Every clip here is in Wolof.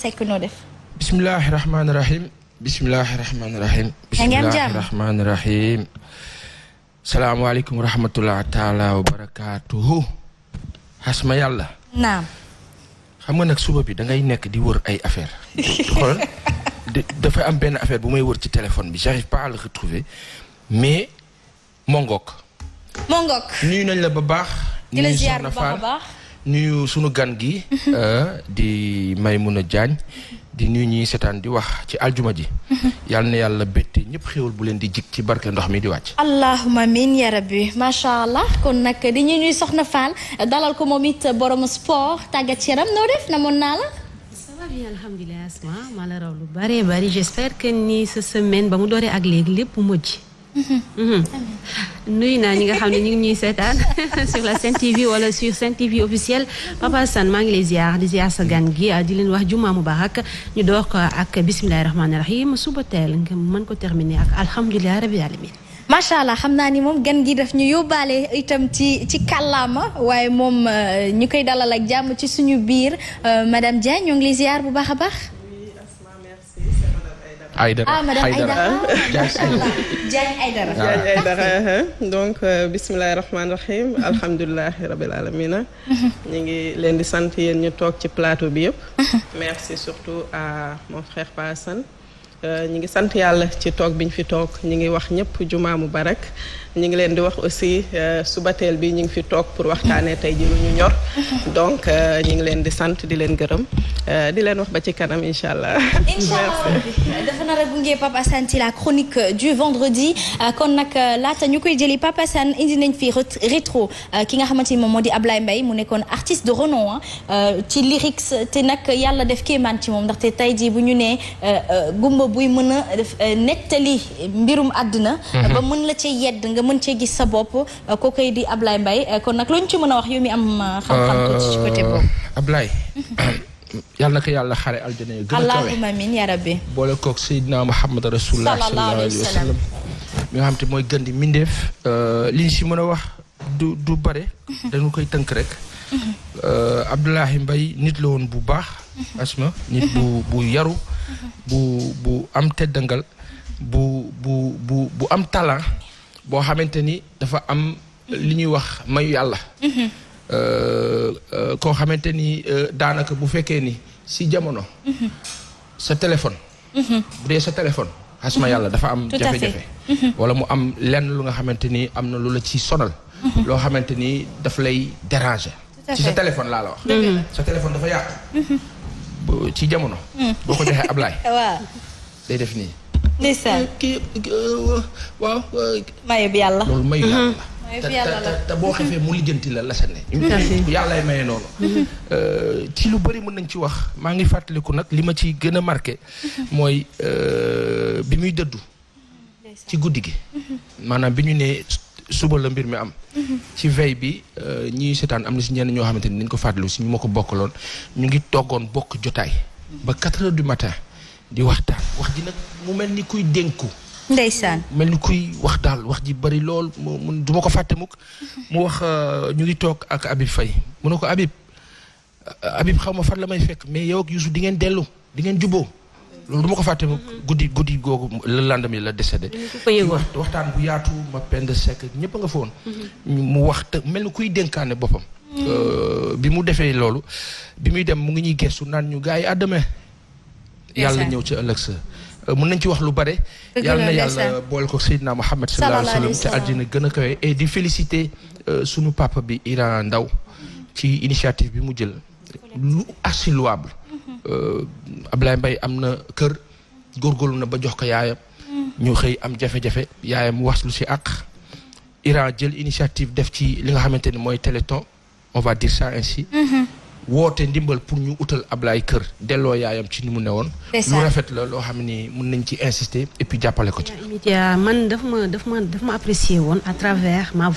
sekk noo def. bisimilahi rahmaani rahiim. bisimilahi rahmaani rahiim. yaa ngi am jàmm wa rahmatulah taalaa wa yàlla. xam nga nag suba bi dangay nekk di wër ay affaire dafa am benn affaire bu may wër ci téléphone bi j'arrive pas à retrouver mais Mongok. Mongok. nañ la ba baax. di la ziar bu baax nuyu sunu gan gi. Euh, di may Maimouna Diagne di nuyu ñuy seetaan di wax ci aljuma ji. yal na yàlla bette ñëpp xéwal bu leen di jik ci barke ndox mi di wàcc. allahumma amiin ya rabbi macha allah kon nag di ñu ñuy soxna Fall dalal ko moom it borom sport tàggat yaram noo def na moon naa la. oui alhamdulilah asma maa la raw lu bëree bëri j' espère ni sa semaine ba mu doree ak léegi lépp mujj. Mhm. nuyu naa ñi nga xam ne ñu ngi ñuy seetaan sur la Sen TV wala su Sen TV officiel Papa Sane maa ngi lay ziar di ziar sa gan gi di leen wax juma mubarak ñu door ko ak bismillahi rahmaani rahim suba teel nga mën ko terminer ak alhamdulilahi rabbil alamin macha allah xam naa ni moom gan gi daf ñu yóbbaale itam ci ci kàllaama waaye moom euh, ñu koy dalal ak jàmm ci suñu biir euh, madame Diagne ñoo ngi lay ziar bu baax a baax Aïdara Aïdara Diagne Aïdara Diagne Aïdara donc euh, bismillahi rahmaani rahim alhamdulilahi rabil alamina ñu ngi leen di sant yéen ñu toog ci plateau bi yëpp merci surtout à mon frère Pa Assane euh, ñu ngi sant yàlla ci toog biñ fi toog ñu ngi wax ñépp jumaa mu mubarak ñu ngi leen di wax aussi euh, subateel bi ñu ngi fi toog pour waxtaanee tey ji lu ñu ñor donc euh, ñu ngi leen di sant di leen gërëm euh, di leen wax ba ci kanam incha allah. allah dafa nar a gunge Pape Assane ci la chronique du vendredi kon nag laata ñu koy jëli Pape indi nañ fi rétro ki nga xamante ni moom moo di Ablaye mbay mu nekkoon artiste de renom ci lyrics te nag yàlla def kéemaan ci moom ndaxte tey jii bu ñu nee gumba buy mën a nettali mbirum àdduna mhm. ba mën la ci yedd nga mën cee gis sa bopp euh, kookoy di Ablaye Mbaye euh, kon nag loo ñu ci mën a wax yow mi am euh, xam-xam tuuti ci côté boobu Ablaye yàlla na ko yàlla xare aljana yu gën a kawe allahumma amiin yaa rabbi boole koog Seydina Muhammad rasulullah sallallahu alayhi wa sallam mi nga xam te mooy gën di mindeef li ñu si mën a wax du du bare mhm. dañu koy tënk rek mhm. Abdoulaye Mbaye nit la woon bu baax mhm. asma nit bu bu yaru bu bu am teddangal bu bu bu bu am talent boo xamante ni dafa am li ñuy wax mayu yàlla mhm. euh, euh, koo xamante ni euh, daanaka bu fekkee ni si jamono mhm. sa téléphone mhm. bu dee sa téléphone xasma yàlla dafa am jafe-jafe wala mu am lenn lu nga xamante ni am na lu la ci sonal loo xamante ni daf lay déranger ci sa téléphone laa la wax sa téléphone dafa yàqu ci jamono boo ko joxee Ablaye waaw day def nii ndeysaan eh, eh, eh, yàlla. loolu mayu yàlla. Mhm. te boo xefee mu lijjanti la la sa ne. Mhm. Mm-hmm. yàllaay maye loolu. Mhm. ci lu bari mën nañ ci wax maa ngi fàttaliku nag li ma ci gën a marqué. mooy bi muy dëddu. ci guddi gi. maanaam bi ñu nee suba la mbir mi am. ci veille bi ñii seetaan am na si ñenn ñoo xamante ni nañ ko fàttaliku si ñu ma ko bokkaloon ñu ngi toggoon bokk jotaay. ba quatre heures du matin. di waxtaan wax ji nag mu mel ni kuy dénku. ndeysaan mel ni kuy wax daal wax ji bari lool mu mun ko fàtte mukk mu wax euh, ñu ngi toog ak Habib Faye mu ne ko Habib Habib xaw ma fan la may fekk mais yow ak di ngeen dellu di ngeen juboo loolu du ko fàtte guddi guddi googu le lendemain la décédé. waxtaan bu yaatu ma pend ñëpp nga foon. mu wax te mel ni kuy dénkaane boppam. Mm. Euh, bi mu defee loolu bi muy dem mu ngi ñuy gestu naan ñu gars yi àddame yàlla ñëw ci ëllëg sa euh, mën nañ ci wax lu bare yàlla na yàlla boole ko Seydina Muhammad sallallahu alayhi wa sallam gën a kawe et di féliciter euh, sunu papa bi Iran Ndaw ci initiative bi mu jël lu assez louable mm-hmm. euh, Ablaye Mbaye am na kër góorgóorlu na ba jox ko yaayam mm-hmm. ñu xëy am jafe-jafe yaayam wax lu si àq Iran jël initiative def ci li nga xamante ni mooy téléthon on va dire ça ainsi mm-hmm. woote ndimbal pour ñu utal Ablaye kër delloo yaayam ci ni mu ne woon lu rafet la loo xam ne mun nañ ci insister et jàppale ko ci man daf ma dafa ma daf ma apprécier woon à travers ma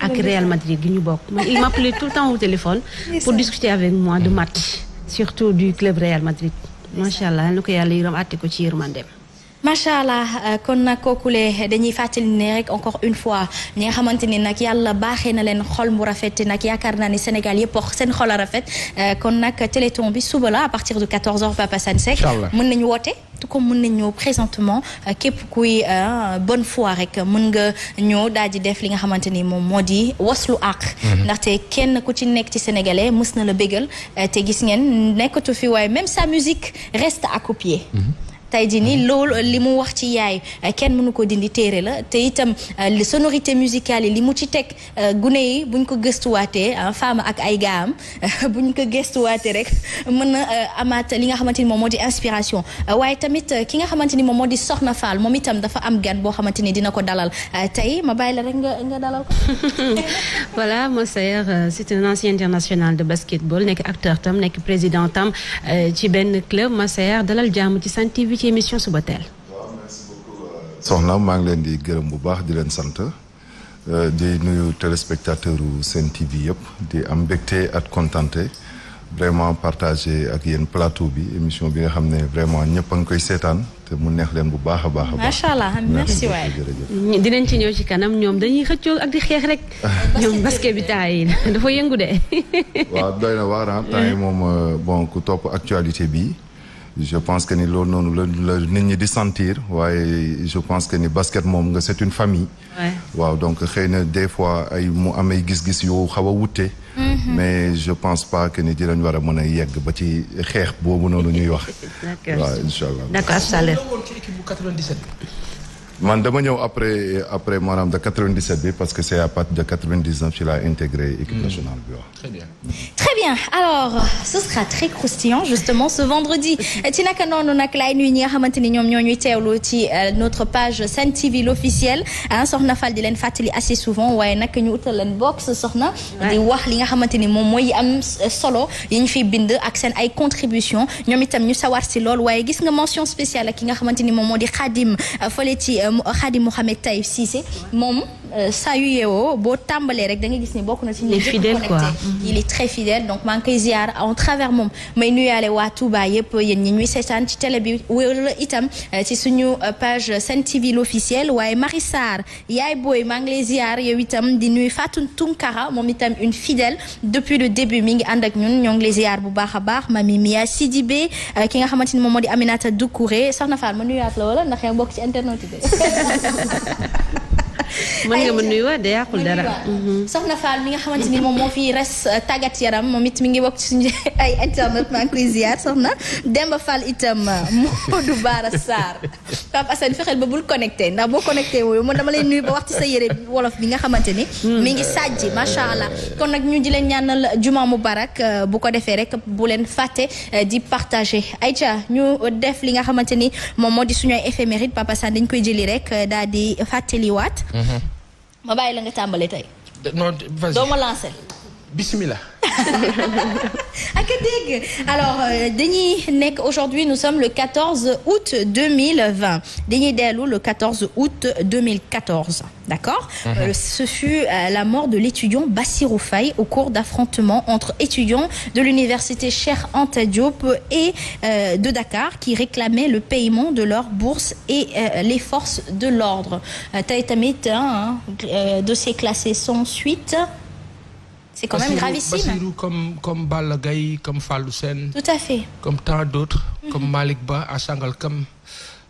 ak Real Madrid gi ñu bokk man il le temps au téléphone pour discuter avec moi de match surtout du club Real Madrid macha allah na ko yàlla yërëm àtte ko ci yërmandeem macha allah euh, kon nag kookule dañuy fàttali ne rek encore une fois ñi nga xamante ni nag yàlla baaxee na leen xol mu rafet nag yaakaar naa ni Sénégal yëpp seen xol a rafet euh, kon nag téléthon bi suba la à partir de 14h Papa Sane Seck. mën nañu woote. tout comme mun nañ ñëw présentement euh, képp kuy bonne fois rek mën nga ñëw daal di def li nga xamante ni moom moo di waslu àq mhm. ndaxte kenn ku ci nekk ci sénégalais mës na la bégal te gis ngeen nekkatu fi waaye même sa musique reste à tey jii nii loolu li mu wax ci yaay kenn mënu ko dindi téere la te itam sonorité musicale yi li mu ci teg gune yi bu buñ ko gëstuwaatee ah, femme ak ay gaam buñ ko gëstuwaatee rek mën na euh, amaat li nga xamante ni moom moo di inspiration waaye tamit euh, ki nga xamante ni moom moo di Soxna Fall moom itam dafa am gan boo xamante ni dina ko dalal euh, tey ma bàyyi la rek nga nga dalal ko. voilà mon cher c'est un ancien international de basketball nekk acteur tam nekk président tam ci benn club ci émission soxna maa ngi leen di gërëm bu baax di leen sant euh, di nuyu téléspectateur u Sen TV yëpp di am mbégte ak kontante vraiment partagé ak yéen plateau bi émission bi nga xam ne vraiment ñëpp a ngi koy seetaan te mu neex leen bu baax a baax a baax. macha allah ci ñëw ci kanam ñoom dañuy xëccoo ak di xeex rek. ñoom basket bi temps yi dafa yëngu de. waaw doy na waar temps yi moom euh, ku topp actualité bi. je pense que ni loolu noonu la nit ñi di sentir waaye je pense que ni basket moom nga c'est une famille. waaw donc xëy na des fois ay mu amay gis-gis yu xaw a wute. Mhm. mais je pense pas que ni dinañ war a mën a yegg ba ci xeex boobu noonu ñuy wax. d'accord waaw incha man dama ñëw après après maanaam de 97 bi parce que c'est à partir de 99 ci laa intégré équipe hmm. nationale bi waaw. très bien très bien alors ce sera très croustillant justement ce vendredi ci naka noonu nag laay nuyu ñi nga xamante ni ñoom ñoo ñuy teewlu ci euh, notre page Sen TV l'officiel ah soxna Fall di leen fàttali assez souvent waaye nag ñu utal leen box soxna. di wax li nga xamante ni moom mooy am euh, solo yi ñu fiy bind ak seen ay contributions ñoom itam ñu sawar si lool waaye gis nga mention spéciale ak ki nga xamante ni moom moo di Khadim euh, fële ci. Euh, Khady Mohamed Taïf Cissé moom Euh, sa yu boo tàmbalee rek da gis ni bokk na ci les fidèles connecté mm-hmm. il est très fidèle donc maa ngi koy ziar en travers moom may nuyaale waa Touba yëpp yéen ñi ñuy seetaan ci télé bi wala itam euh, ci suñu euh, page Sen TV l'officiel waaye Marie Sarr yaay booy maa ngi lay ziar yow itam di nuy Fatou Tunkara moom itam une fidèle depuis le début mi ngi ànd ñun ñoo ngi lay ziar bu baax a baax ma Mami Mia Sidibé ki nga xamante ni moom moo di Aminata Doucouré soxna Fall ma nuyaat la wala ndax bokk ci internet bi mën nga ma nuyuwaat de yàqul dara. Mhm. soxna Fall mi nga xamante ni moom moo fi res euh, tàggat yaram moom it mi ngi bokk ci suñu ay internet maa ngi koy ziar soxna Demba itam euh, Modou Bara Sarr Pape fexeel ba bul connecté ndax boo connecté wooyu man dama lay nuyu ba sa yére wolof bi nga xamante ni. Hmm. mi ngi sàjji macha allah kon nag ñu di leen ñaanal juma mubarak euh, bu ko defee rek bu leen fàtte di partager Aïcha ñu def li nga xamante ni moom moo di suñu ay éphéméride Papa Sane dañ koy jëli rek daal di fàttaliwaat. Hmm. Mm-hmm. ma bàyyi la nga tàmbali tey. non vas-y bisimilah. ak ah, dégg alors euh, dañuy nekk aujourd'hui nous sommes le 14 août 2020 dañuy dellu le 14 août 2014 d'accord mm -hmm. euh, ce fut euh, la mort de l'étudiant Bassirou Faye au cours d'affrontements entre étudiants de l'université Cheikh Anta Diop et euh, de Dakar qui réclamaient le paiement de leur bourse et euh, les forces de l'ordre tey euh, tamit dossier classé sans suite c'est comme comme Balla Gaye comme Fallou seen comme tant d'autres comme Malick Ba à Sangalkam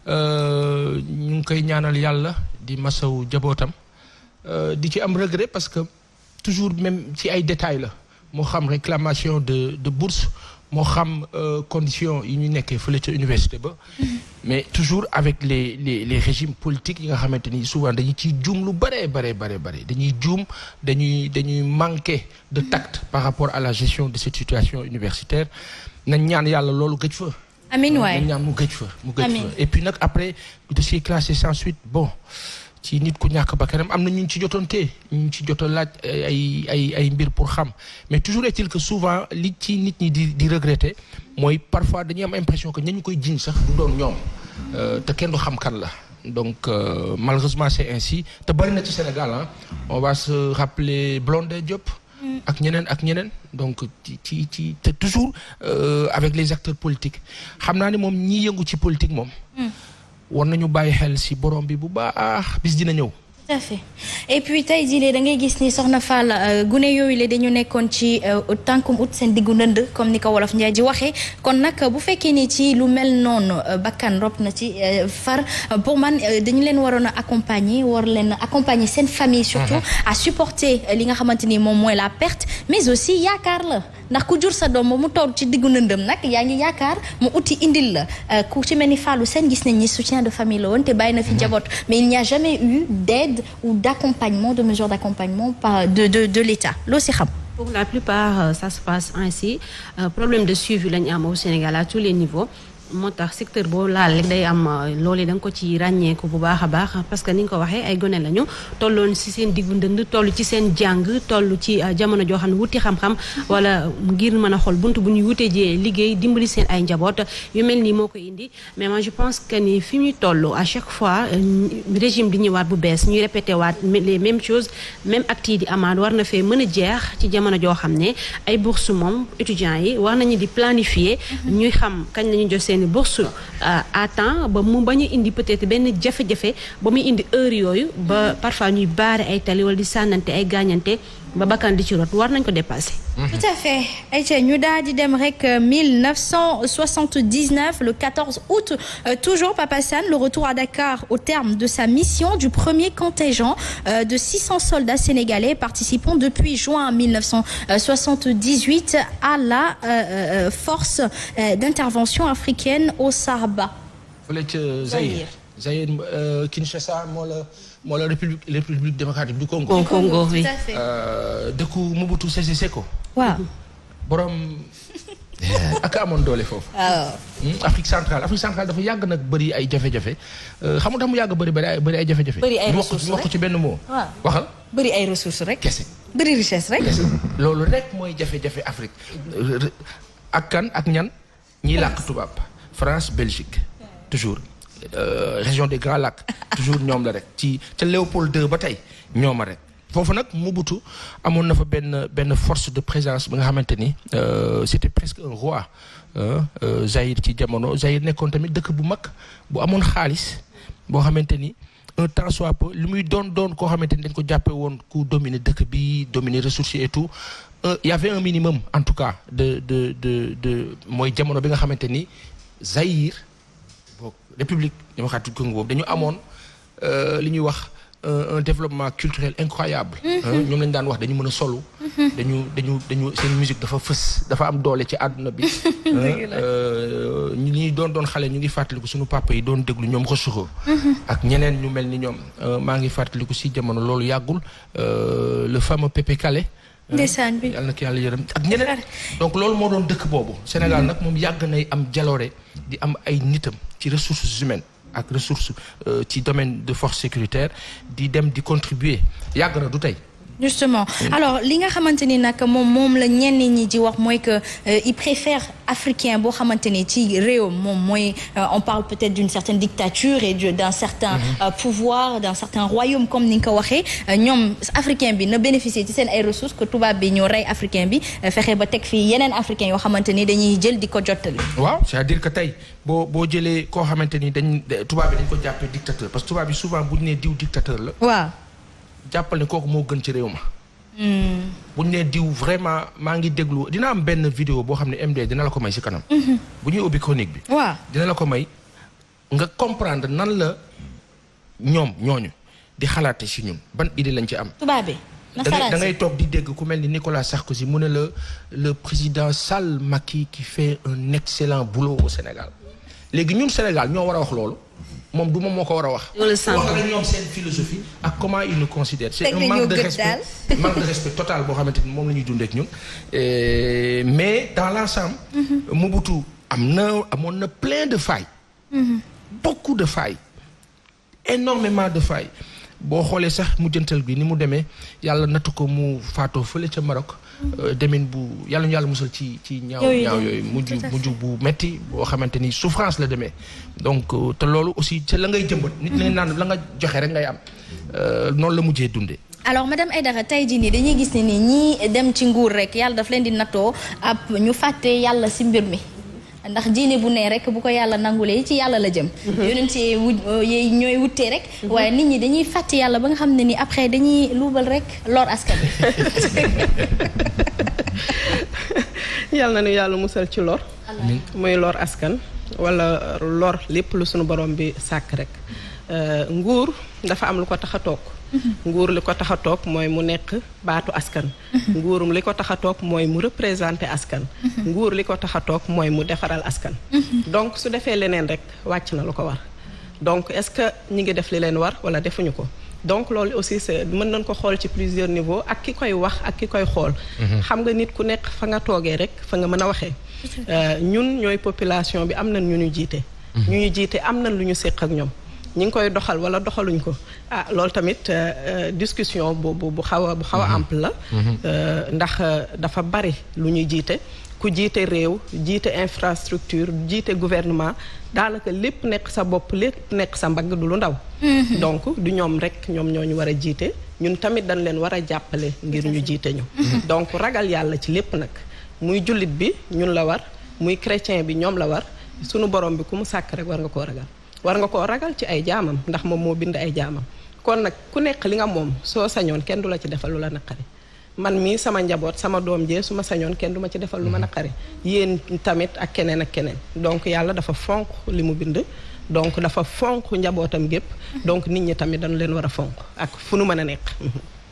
euh, ñu ngi koy ñaanal yàlla di masawu jabootam euh, di ci am regret parce que toujours même ci ay détails la moo xam réclamation de de bourse moo xam euh, condition yi ñu nekkee fële ca université ba mais toujours avec les les les régimes politiques yi nga xamante ni souvent dañuy ciy juum lu bëree bëree bëree bëri dañuy juum dañuy dañuy manquer de tact par rapport à la gestion de cette situation universitaire nañ ñaan yàlla loolu gëj fa amiin waay nañ ñaan mu gëj fa mu gëj fa et puis nag après dossier classé sans suite bon ci nit ku ñàkk ba karam am na ñu ci jotoon tee ñu ci jot a laaj eh, ay ay mbir pour xam mais toujours est souvent li ci nit ñi di di regretter mooy parfois dañuy am impression que ñañu koy jiñ sax du doon ñoom euh, te kenn du xam kan la donc euh, malheureusement c'est ainsi te bari na ci Sénégal ah on va se rappeler Blondin Diop. Mm. ak ñeneen ak ñeneen donc ci ci te toujours euh, avec les acteurs politiques xam naa ne moom ñi yëngu ci politique moom. Mm. war nañu bàyyi xel ci borom bi bu baax bis dina ñëw. tout à fait et puis tey jii da ngay gis ni soxna Fall euh, gune yooyu la dañu nekkoon ci euh, tànkum ut seen diggu ndënd comme ni ko wolof Njaay ji waxee kon nag bu fekkee nii ci lu mel noonu euh, bakkan rob na ci far pour man dañu leen waroon a accompagner war leen accompagner seen famille surtout mhm. à supporter li nga xamante ni moom mooy la perte mais aussi yaakaar la ndax ku jur sa doom mu toog ci diggu ndëndëm nag yaa ngi yaakaar mu uti indil la euh, ku ci mel ni Fallou Sène gis nañ ni soutien de famille la woon te bàyyi na fi njaboot mais il n'y a jamais eu d'aide ou d'accompagnement de mesures d'accompagnement par de l'État loo si xam. pour la plupart euh, ça se passe ainsi euh, problème de suivi la ñu am au Sénégal à tous les niveaux. moo tax secteur boo laal rek day am euh, loolu danga ko ci ràññeeku bu baax a baax parce que ni nga ko waxee ay gone lañu tolloon ci seen diggu ndënd toll ci seen jàng toll ci euh, jamono joo xam ne wuti xam wala ngir mën a xool bunt bu ñuy wutee jee liggéey dimbali seen ay njaboot yu mel nii moo ko indi mais je pense que ni fi ñuy toll à chaque fois euh, ñëwaat bu bees ñuy répété waat les mêmes choses même actes di amaat war na fee mën a jeex ci jamono joo xam ne ay bourse moom étudiants yi war nañu di planifier mm-hmm. ñuy xam kañ lañu jot seen ne bourse à temps ba mu bañ a indi peut-être benn jafe-jafe ba muy indi heure yooyu ba parfois ñuy baare ay tali wala di sànnante ay gaañante ba bakkan di ci war nañ ko dépasser. Mhm. tout à fait ayca ñu daal di dem rek 1979 euh, le 14 août euh, toujours Papa Sane le retour à Dakar au terme de sa mission du premier contingent euh, de 600 soldats sénégalais participant depuis juin 1978 à la force d'intervention africaine au Sarba. fële ca Zaïre Zaïre euh, Kinshasa moo la moo la république république démocratique du Congo. Congo Congo oui. Euh, dëkku Mobutu Sese Seko. borom. ak amoon doole foofu. Ah. Hmm, Afrique centrale Afrique centrale dafa yàgg nag bëri ay jafe-jafe euh, xam nga mu yàgg bëri bëri ay jafe-jafe. bëri ci benn mot. waaw bëri ay ressources rek. kese bëri richesse loolu rek mooy jafe-jafe Afrique. ak kan ak ñan ñi làkk tubaab France Belgique toujours. Euh, région des Grands Lacs toujours ñoom la rek ci ca Léopold II ba tey ñoom a rek foofu nag Mobutu amoon na fa benn benn force de présence bi nga xamante ni euh, c'était presque un roi euh, Zaïre ci jamono Zaïre nekkoon tamit dëkk bu mag bu amoon xaalis boo xamante ni un temps soit peu li muy doon doon koo xamante ni dañ ko jàppe woon ku dominer dëkk bi dominer ressources et tout y avait un minimum en tout cas de de de mooy jamono bi nga xamante ni Zaïre boog république démocratique Congo boobu dañu amoon euh, li ñuy wax un développement culturel incroyable mm-hmm. euh, ñoom lañu daan wax dañu mën a solu mm-hmm. dañu dañu dañu seen musique dafa fës dafa am doole ci àdduna bi euh, ñi doon doon xale ñu ngi fàttaliku suñu papa yi doon déglu ñoom Rosoro mm-hmm. ak ñeneen ñu mel ni ñoom maa ngi fàttaliku si jamono loolu yàggul le fameux Pépé Kalé ndeysaan bi yàlla na yàlla yërëm ak ñeneen donc loolu moo doon dëkk boobu Sénégal nag moom yàgg nay am jaloore di am ay nitam ci ressources humaines ak ressources euh, ci domaine de force sécuritaire di dem di contribuer yàgg na du tey justement alors li nga xamante ni nag moom moom la ñenn ñi di wax mooy que euh, il préfère africain boo xamante ni ci réew moom mooy euh, on parle peut-être d'une certaine dictature et d'un certain mhm. euh, pouvoir d'un certain royaume comme ni nga ko waxee ñoom africain bi na bénéficier ci seen ay ressources que tubaab bi ñoo rey africain bi fexe ba teg fii yeneen africain yoo xamante ni dañuy jël di ko jottali waaw c'est-à-dire que tey boo boo jëlee koo xamante ni dañ jàppale ne kooku moo gën ci réew ma. Hmm. bu ñu nee diw vraiment maa ngi déglu dina am benn vidéo boo xam ne MD dina la ko may si kanam. Hmm. bu ñuy ubbi chronique bi. waaw dina la ko may nga comprendre nan la ñoom ñooñu di xalaate si ñun ban idée lañ ci am. tubaab bi da ngay toog di dégg ku mel ni Nicolas Sarkozy mu ne la le président Sall Macky qui fait un excellent boulot au Sénégal léegi ñun Sénégal ñoo war a wax loolu. moom du moom moo ko war a wax. wax la ñoom seen philosophie ak comment ils nous considèrent. c'est un manque de respect manque de total boo xam ni moom la ñuy dundee ak ñun. mais dans l'ensemble. Mm-hmm. Mobutu am na amoon na plein de failles. Mm-hmm. beaucoup de failles. énormément de failles. boo xoolee sax mu jëntal bi ni mu demee yàlla nattu ko mu faatoo fële ca Maroc. Euh, demin bu yàlla ñu yàlla musal ci ci ñaaw ñaaw mujj bu metti boo xamante ni souffrance la demee donc euh, te loolu aussi ca la ngay jëmbat nit la mm-hmm. naan la nga joxe rek ngay am euh, noonu la mujjee dundee alors ay Aidara tey jii nii dañuy gis ne nii ñii dem ci nguur rek yàlla daf leen di nattoo ab ñu fàtte yàlla si mbir mi ndax diine bu nee rek bu ko yàlla nangulee ci yàlla la jëm mhm. yonent yi ñooy wutee rek mhm. waaye nit ñi dañuy fàtte yàlla ba nga xam ne ni après dañuy luubal rek lor askan yàlla na nu yàlla musal ci lor muy lor askan wala lor lépp lu suñu borom bi sàkk rek euh, nguur dafa am lu ko tax a toog Mm-hmm. nguur li ko tax a toog mooy mu nekk baatu askan mm-hmm. nguurum li ko tax a toog mooy mu représenter askan mm-hmm. nguur li ko tax a toog mooy mu defaral askan donc su defee leneen rek wàcc na lu ko war donc est-ce que ñi ngi def li leen war wala defuñu ko donc loolu aussi c'est mën nañ ko xool ci plusieurs niveaux ak ki koy wax ak ki koy xool xam nga nit ku nekk fa nga toogee rek fa nga mën a waxee euh, ñun ñooy population bi am na ñu ñu jiite ñu ñu jiite am na lu ñu seq ak ñoom ñu ngi koy doxal wala doxaluñ ko ah loolu tamit euh, euh, discussion bu bu bu xaw a bu xaw a mm-hmm. ample la mm-hmm. euh, ndax dafa bari lu ñuy jiite ku jiite réew jiite infrastructure jiite gouvernement daanaka lépp nekk sa bopp lépp nekk sa mbagg du lu ndaw mm-hmm. donc du ñoom rek ñoom ñoo ñu war a jiite ñun tamit dañ leen war a jàppale ngir ñu jiite ñu donc ragal yàlla ci lépp nag muy jullit bi ñun la war muy cretien bi ñoom la war sunu borom bi ku mu sàkk rek war nga koo ragal war nga koo ragal ci ay jaamam ndax moom moo bind ay jaamam kon nag ku nekk li nga moom soo sañoon kenn du la ci defalu la naqari man mii sama njaboot sama doom jee su ma sañoon kenn du ma ci defal lu ma mm-hmm. naqari yéen tamit ak keneen ak keneen donc yàlla dafa fonk li mu bind donc dafa fonk njabootam gépp mm-hmm. donc nit ñi tamit dañu leen war a fonk ak fu nu mën a nekk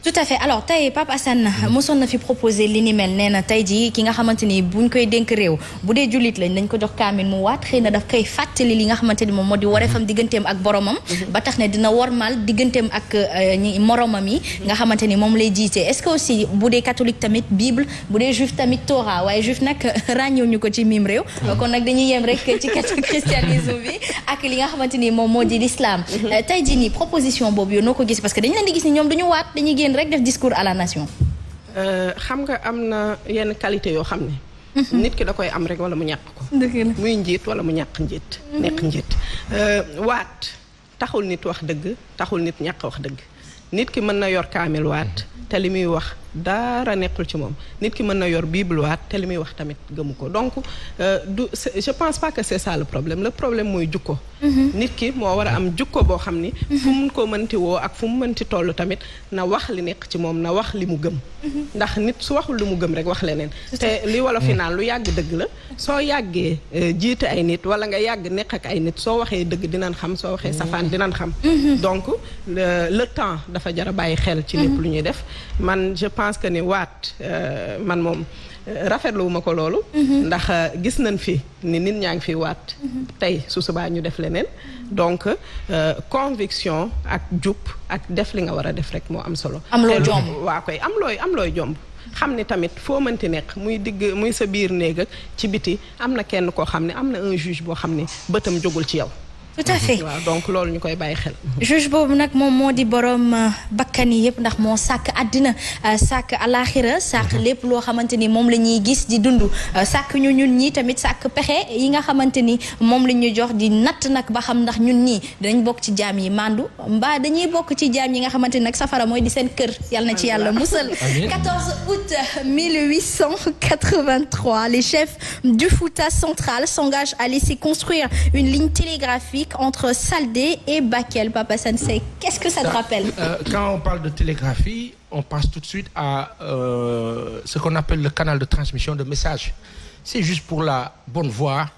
tout à fait alors tey Pape Assane mosoon na fi proposé li ni mel nee na ki nga xamante ni buñ koy dénk réew bu dee jullit lañ dañ ko jox kaamin mu waat xëy na daf koy fàttali li ni moom moo di mhm. wareefam digganteem ak boromam mhm. ba tax ne dina wormal digganteem ak euh, ñi moromam yi nga xamante ni moom lay jiite est-ce que aussi bu dee catholique tamit bible bu tamit Torah waaye juif nag ràññoo ko ci mim réew mhm. kon nag dañuy li nga xamante ni moom moo di l'islam euh, tey jii nii proposition boobu yow noo ko gis parce que dañu leen gis ni ñoom duñu waat dañuy génn génn rek def discours à la nation. Euh, xam nga am na yenn qualité yoo xam ne. Mhm. nit ki da koy am rek wala mu ñàkk ko. muy njiit wala mu ñàkk njiit. Mhm. nekk njiit euh, waat taxul nit wax dëgg taxul nit ñàkk wax dëgg nit ki mën na yor kaamil waat te li muy wax. daara nekkul ci moom nit ki mën na yor bible te li muy wax tamit gëmu ko donc euh, du je pense pas que c'est ça le problème la problème mooy jukko mhm. nit ki moo war a am jukko boo xam ni mhm. fu mu koo mënti woo ak fu mu mënti toll tamit na wax li nekk ci moom na wax li mu gëm mhm. ndax nit su waxul lu mu gëm rek wax leneen te li wala fi mm. naan lu yàgg dëgg la soo yàggee euh, jiite ay nit wala nga yàgg nekk ak ay nit soo waxee dëgg dinañ xam soo waxee safaan dinañ xam donc le temps dafa jara bàyyi xel ci lu ñuy def pense que ni waat euh, man moom euh, rafetlu wu ko loolu. Mhm. ndax euh, gis nañ fi ni nit ñaa ngi fi waat. Mhm. tey su subaa ñu def leneen. donc conviction ak jub ak def li nga war a def rek moo am solo. am loo jomb waa koy am looy am looy jomb. xam ni tamit foo mënti nekk muy digg muy sa biir néeg ci biti am na kenn koo xam ne am na un juge boo xam ne bëtam jógul ci yow. tout à fait donc loolu ñu koy bàyyi xel. juge boobu nag moom moo di boroom euh, bakkan yi yëpp ndax moo sàkk àddina euh, sàkk alaaxira sàkk mhm. lépp loo xamante ni moom la ñuy gis di dund euh, sàkk ñu ñun ñii tamit sàkk pexe yi nga xamante ni moom la ñuy jox di natt nag ba xam ndax ñun ñii dinañ bokk ci jaam yi màndu mbaa dañuy bokk ci jaam yi nga xamante ni nag safara mooy di seen kër yal na ci yàlla musal. 14 août 1883 les chefs du Fouta central s'engagent à laisser construire une ligne télégraphique. historique entre Saldé et Bakel, Papa Sensei. Qu'est-ce que ça te rappelle euh, Quand on parle de télégraphie, on passe tout de suite à euh, ce qu'on appelle le canal de transmission de message C'est juste pour la bonne voie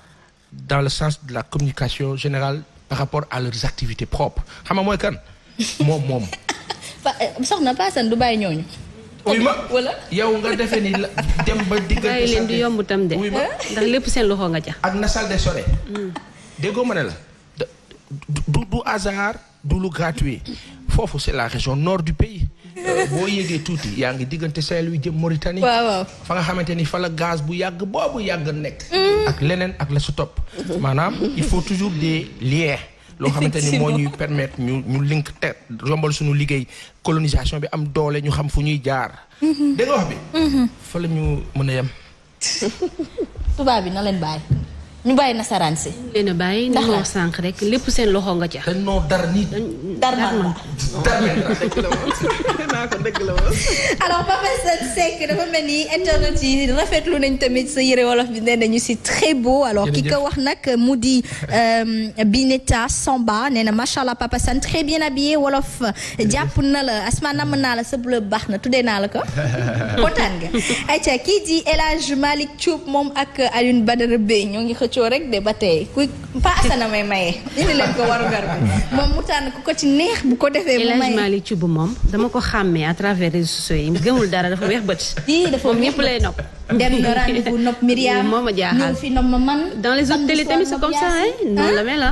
dans le sens de la communication générale par rapport à leurs activités propres. Xam nga mooy kan moom moom. Eh, soxna Paa San du bàyyi ñooñu. oui ma yow nga defee ni la dem ba diggante. bàyyi leen di yomb tam de. ndax lépp seen loxo nga ak na mm. la. du du hasard du lu gratuit foofu c'est la région nord du pays. Euh, boo yéegee tuuti yaa ngi diggante Saint-Louis jëm Mauritanie. waaw fa nga xamante ni fa la gaz bu yàgg boobu yàgg nekk. Mm. ak leneen ak la su topp. Mm-hmm. maanaam il faut toujours des liens. loo xamante ni moo ñuy permettre ñu ñu link te yombal suñu liggéey colonisation bi am doole ñu xam fu ñuy jaar. Mm-hmm. dégg wax bi. Mm-hmm. fa la ñu mën a yem. tubaab bi na leen bàyyi. ñu bàyyi nasaraan si. leen a bàyyi ni ma wax sànq rek lépp seen loxoo nga ca. dañoo dar nit. dar man dar man naa ko dëgg la woon. alors Papa Seck dafa mel ni internet yi rafetlu nañ tamit sa yëre wolof bi nee nañu si très beau. alors ki ko wax nag mu di euh, Bineta Samba nee na macha allah Papa San très bien habillé wolof jàpp na la asma namm naa la sa bleu baax na tuddee naa la ko kontaan nga. ayca kii di El Hadj Malick moom ak Alioune Badara Bey ñoo ngi xëcc xëccoo rek de ba tey ku Pa Assane may maye indi leen ko warugar bi moom mu tànn ku ko ci neex bu ko defee. mu maye El Hadj Malick moom dama ko xàmmee à travers réseaux sociaux yi gëmul dara dafa weex bët. yii dafa moom ñëpp lay nopp. dem na rendez-vous nopp Myriam. moom a jaaxal ñëw fi nopp ma man. dans les hôtels tamit sa comme ça hein noonu la mel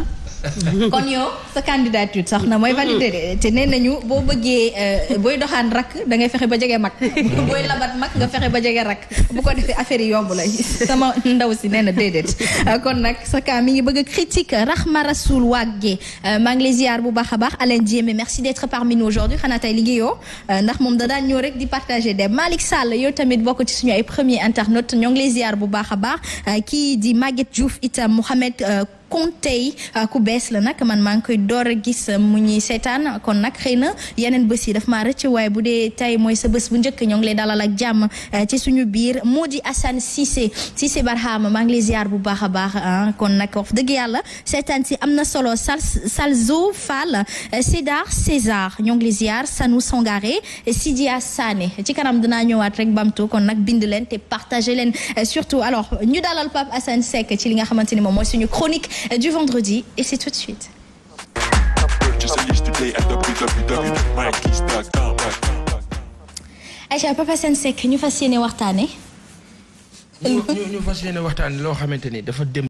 kon yow sa candidature sax na mooy validé te nee nañu boo bëggee euh, booy doxaan rakk da ngay fexe ba jege mag booy labat mag nga fexe ba jege rakk bu ko defee affaire yomb la sama ndaw si nee na déedéet euh, kon nag sa cas mi ngi bëgg a critique Rahma Rasoul Wagué euh, maa ngi lay ziar bu baax a baax Alain Diémé merci d'être parmi nous aujourd'hui xanaa tey liggéeyoo ndax moom da daan ñëw rek di partager des Malick Sall yow tamit bokk ci suñu ay premier internaute ñoo ngi lay ziar bu baax a baax kii di Maguette Diouf itam Mohamed Conté ah, ku bees la nag man maa ngi koy door a gis ah, mu ñuy seetaan kon nag xëy na yeneen bés yi daf maa rëcc waaye bu dee tey mooy sa bës bu njëkk ñoo ngi lay dalal ak jàmm ah, ci suñu biir moo di Assane Cissé Cissé Barhama maa ngi lay ziar bu baax a baax kon nag wax dëgg yàlla seetaan si am na solo sal Salzo Fall Sédar César ñoo ngi lay ziar Sanou Sangaré Sidia Sané ci kanam dinaa ñëwaat rek bamtu kon nag bind leen te partagé leen surtout alors ñu dalal Pape Assane Seck ci li nga xamante ni moom mooy suñu chronique Euh, du vendredi et c'est tout de suite. Aïcha Papa Sène Seck ñu fas yéene waxtaane ñu fas yéene waxtaane loo xamante ni dafa dem